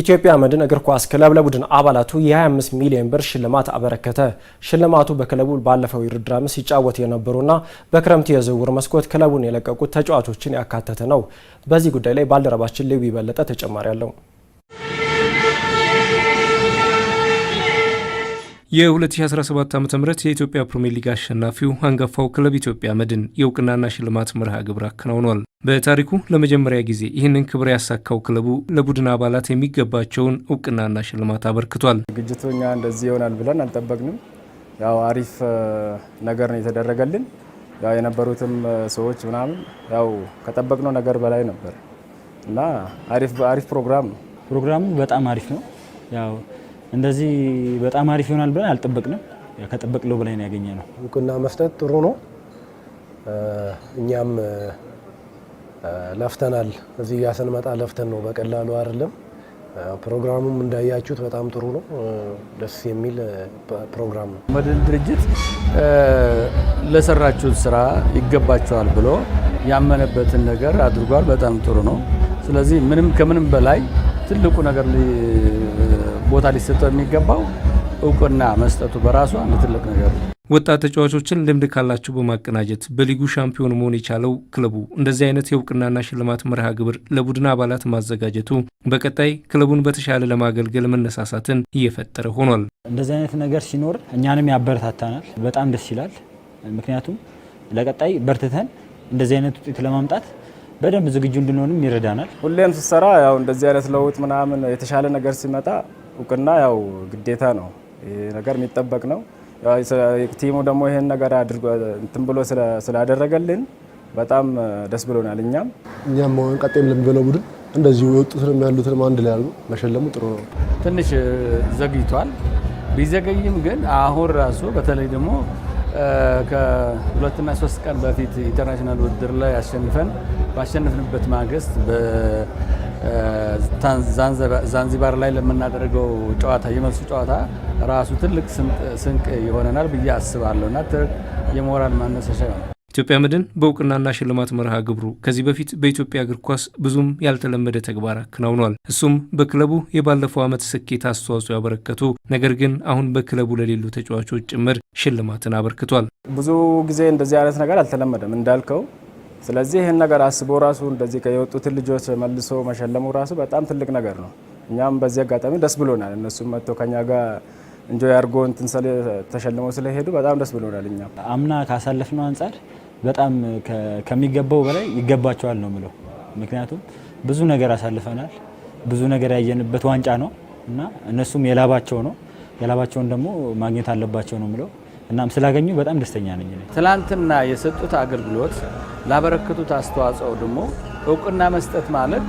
ኢትዮጵያ መድን እግር ኳስ ክለብ ለቡድን አባላቱ የ25 ሚሊዮን ብር ሽልማት አበረከተ። ሽልማቱ በክለቡ ባለፈው የውድድር ዓመት ሲጫወት የነበሩና በክረምት የዝውውር መስኮት ክለቡን የለቀቁት ተጫዋቾችን ያካተተ ነው። በዚህ ጉዳይ ላይ ባልደረባችን ልዩ ይበለጠ ተጨማሪ አለው። የ2017 ዓ ም የኢትዮጵያ ፕሪምየር ሊግ አሸናፊው አንጋፋው ክለብ ኢትዮጵያ መድን የእውቅናና ሽልማት መርሃ ግብር አከናውኗል። በታሪኩ ለመጀመሪያ ጊዜ ይህንን ክብር ያሳካው ክለቡ ለቡድን አባላት የሚገባቸውን እውቅናና ሽልማት አበርክቷል። ዝግጅቱ እኛ እንደዚህ ይሆናል ብለን አልጠበቅንም። ያው አሪፍ ነገር ነው የተደረገልን። ያው የነበሩትም ሰዎች ምናምን ያው ከጠበቅነው ነገር በላይ ነበር እና አሪፍ ፕሮግራም ነው። ፕሮግራሙ በጣም አሪፍ ነው ያው እንደዚህ በጣም አሪፍ ይሆናል ብለን አልጠበቅንም። ከጠበቅነው በላይ ነው ያገኘነው። እውቅና መስጠት ጥሩ ነው። እኛም ለፍተናል። እዚህ ጋር ስንመጣ ለፍተን ነው፣ በቀላሉ አይደለም። ፕሮግራሙም እንዳያችሁት በጣም ጥሩ ነው። ደስ የሚል ፕሮግራም ነው። መድን ድርጅት ለሰራችሁት ስራ ይገባቸዋል ብሎ ያመነበትን ነገር አድርጓል። በጣም ጥሩ ነው። ስለዚህ ምንም ከምንም በላይ ትልቁ ነገር ቦታ ሊሰጠው የሚገባው እውቅና መስጠቱ በራሱ አንድ ትልቅ ነገር ነው። ወጣት ተጫዋቾችን ልምድ ካላቸው በማቀናጀት በሊጉ ሻምፒዮን መሆን የቻለው ክለቡ እንደዚህ አይነት የእውቅናና ሽልማት መርሃ ግብር ለቡድን አባላት ማዘጋጀቱ በቀጣይ ክለቡን በተሻለ ለማገልገል መነሳሳትን እየፈጠረ ሆኗል። እንደዚህ አይነት ነገር ሲኖር እኛንም ያበረታታናል። በጣም ደስ ይላል። ምክንያቱም ለቀጣይ በርትተን እንደዚህ አይነት ውጤት ለማምጣት በደንብ ዝግጁ እንድንሆንም ይረዳናል። ሁሌም ስትሰራ ያው እንደዚህ አይነት ለውጥ ምናምን የተሻለ ነገር ሲመጣ እውቅና ያው ግዴታ ነው፣ ይሄ ነገር የሚጠበቅ ነው። ቲሙ ደግሞ ይህን ነገር እንትን ብሎ ስላደረገልን በጣም ደስ ብሎናል። እኛም እኛም መሆን ቀጤም ለሚበለው ቡድን እንደዚሁ የወጡትንም ያሉትንም አንድ ላይ ያሉ መሸለሙ ጥሩ ነው። ትንሽ ዘግይቷል። ቢዘገይም ግን አሁን ራሱ በተለይ ደግሞ ከሁለትና ሶስት ቀን በፊት ኢንተርናሽናል ውድድር ላይ አሸንፈን ባሸንፍንበት ማግስት ዛንዚባር ላይ ለምናደርገው ጨዋታ የመልሱ ጨዋታ ራሱ ትልቅ ስንቅ ይሆነናል ብዬ አስባለሁ እና የሞራል ማነሳሻ ይሆናል። ኢትዮጵያ መድን በእውቅናና ሽልማት መርሃ ግብሩ ከዚህ በፊት በኢትዮጵያ እግር ኳስ ብዙም ያልተለመደ ተግባር አከናውኗል። እሱም በክለቡ የባለፈው ዓመት ስኬት አስተዋጽኦ ያበረከቱ ነገር ግን አሁን በክለቡ ለሌሉ ተጫዋቾች ጭምር ሽልማትን አበርክቷል። ብዙ ጊዜ እንደዚህ አይነት ነገር አልተለመደም እንዳልከው ስለዚህ ይህን ነገር አስቦ ራሱ እንደዚህ የወጡትን ልጆች መልሶ መሸለሙ ራሱ በጣም ትልቅ ነገር ነው። እኛም በዚህ አጋጣሚ ደስ ብሎናል። እነሱም መጥቶ ከኛ ጋር እንጆ ያርጎ እንትን ተሸልመው ስለሄዱ በጣም ደስ ብሎናል። እኛም አምና ካሳለፍነው አንጻር በጣም ከሚገባው በላይ ይገባቸዋል ነው ምለው። ምክንያቱም ብዙ ነገር አሳልፈናል። ብዙ ነገር ያየንበት ዋንጫ ነው እና እነሱም የላባቸው ነው። የላባቸውን ደግሞ ማግኘት አለባቸው ነው ምለው። እናም ስላገኙ በጣም ደስተኛ ነኝ። ትላንትና የሰጡት አገልግሎት ላበረከቱት አስተዋጽኦ ደግሞ እውቅና መስጠት ማለት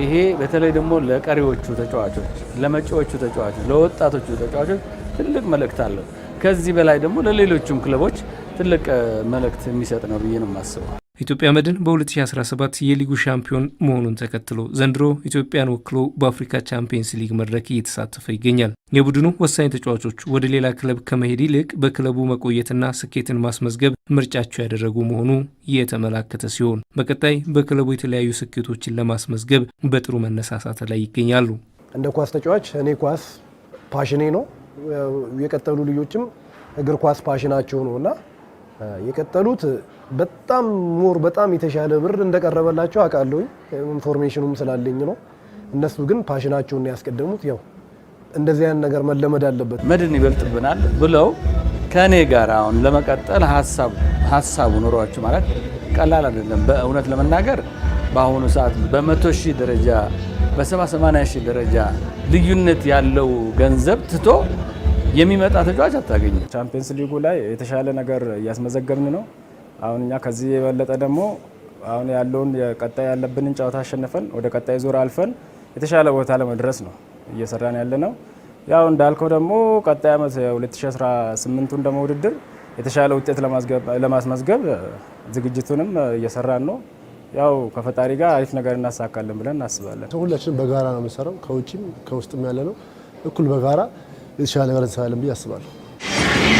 ይሄ በተለይ ደግሞ ለቀሪዎቹ ተጫዋቾች፣ ለመጪዎቹ ተጫዋቾች፣ ለወጣቶቹ ተጫዋቾች ትልቅ መልእክት አለው። ከዚህ በላይ ደግሞ ለሌሎቹም ክለቦች ትልቅ መልእክት የሚሰጥ ነው ብዬ ነው የማስበው። ኢትዮጵያ መድን በ2017 የሊጉ ሻምፒዮን መሆኑን ተከትሎ ዘንድሮ ኢትዮጵያን ወክሎ በአፍሪካ ቻምፒየንስ ሊግ መድረክ እየተሳተፈ ይገኛል። የቡድኑ ወሳኝ ተጫዋቾች ወደ ሌላ ክለብ ከመሄድ ይልቅ በክለቡ መቆየትና ስኬትን ማስመዝገብ ምርጫቸው ያደረጉ መሆኑ የተመላከተ ሲሆን በቀጣይ በክለቡ የተለያዩ ስኬቶችን ለማስመዝገብ በጥሩ መነሳሳት ላይ ይገኛሉ። እንደ ኳስ ተጫዋች እኔ ኳስ ፓሽኔ ነው። የቀጠሉ ልጆችም እግር ኳስ ፓሽናቸው ነው እና የቀጠሉት በጣም ሞር በጣም የተሻለ ብር እንደቀረበላቸው አውቃለሁኝ። ኢንፎርሜሽኑም ስላለኝ ነው። እነሱ ግን ፓሽናቸውን ያስቀደሙት ያው እንደዚህ አይነት ነገር መለመድ አለበት፣ መድን ይበልጥብናል ብለው ከእኔ ጋር አሁን ለመቀጠል ሀሳቡ ኑሯቸው ማለት ቀላል አይደለም። በእውነት ለመናገር በአሁኑ ሰዓት በመቶ ሺህ ደረጃ በሰባ ሰማንያ ሺህ ደረጃ ልዩነት ያለው ገንዘብ ትቶ የሚመጣ ተጫዋች አታገኝ ቻምፒየንስ ሊጉ ላይ የተሻለ ነገር እያስመዘገብን ነው። አሁን እኛ ከዚህ የበለጠ ደግሞ አሁን ያለውን ቀጣይ ያለብንን ጨዋታ አሸንፈን ወደ ቀጣይ ዙር አልፈን የተሻለ ቦታ ለመድረስ ነው እየሰራን ያለ ነው። ያው እንዳልከው ደግሞ ቀጣይ ዓመት 2018ቱን ደግሞ ውድድር የተሻለ ውጤት ለማስመዝገብ ዝግጅቱንም እየሰራን ነው። ያው ከፈጣሪ ጋር አሪፍ ነገር እናሳካለን ብለን እናስባለን። ሁላችንም በጋራ ነው የምንሰራው፣ ከውጭም ከውስጥም ያለ ነው እኩል በጋራ للشهاده والسالم بأسباب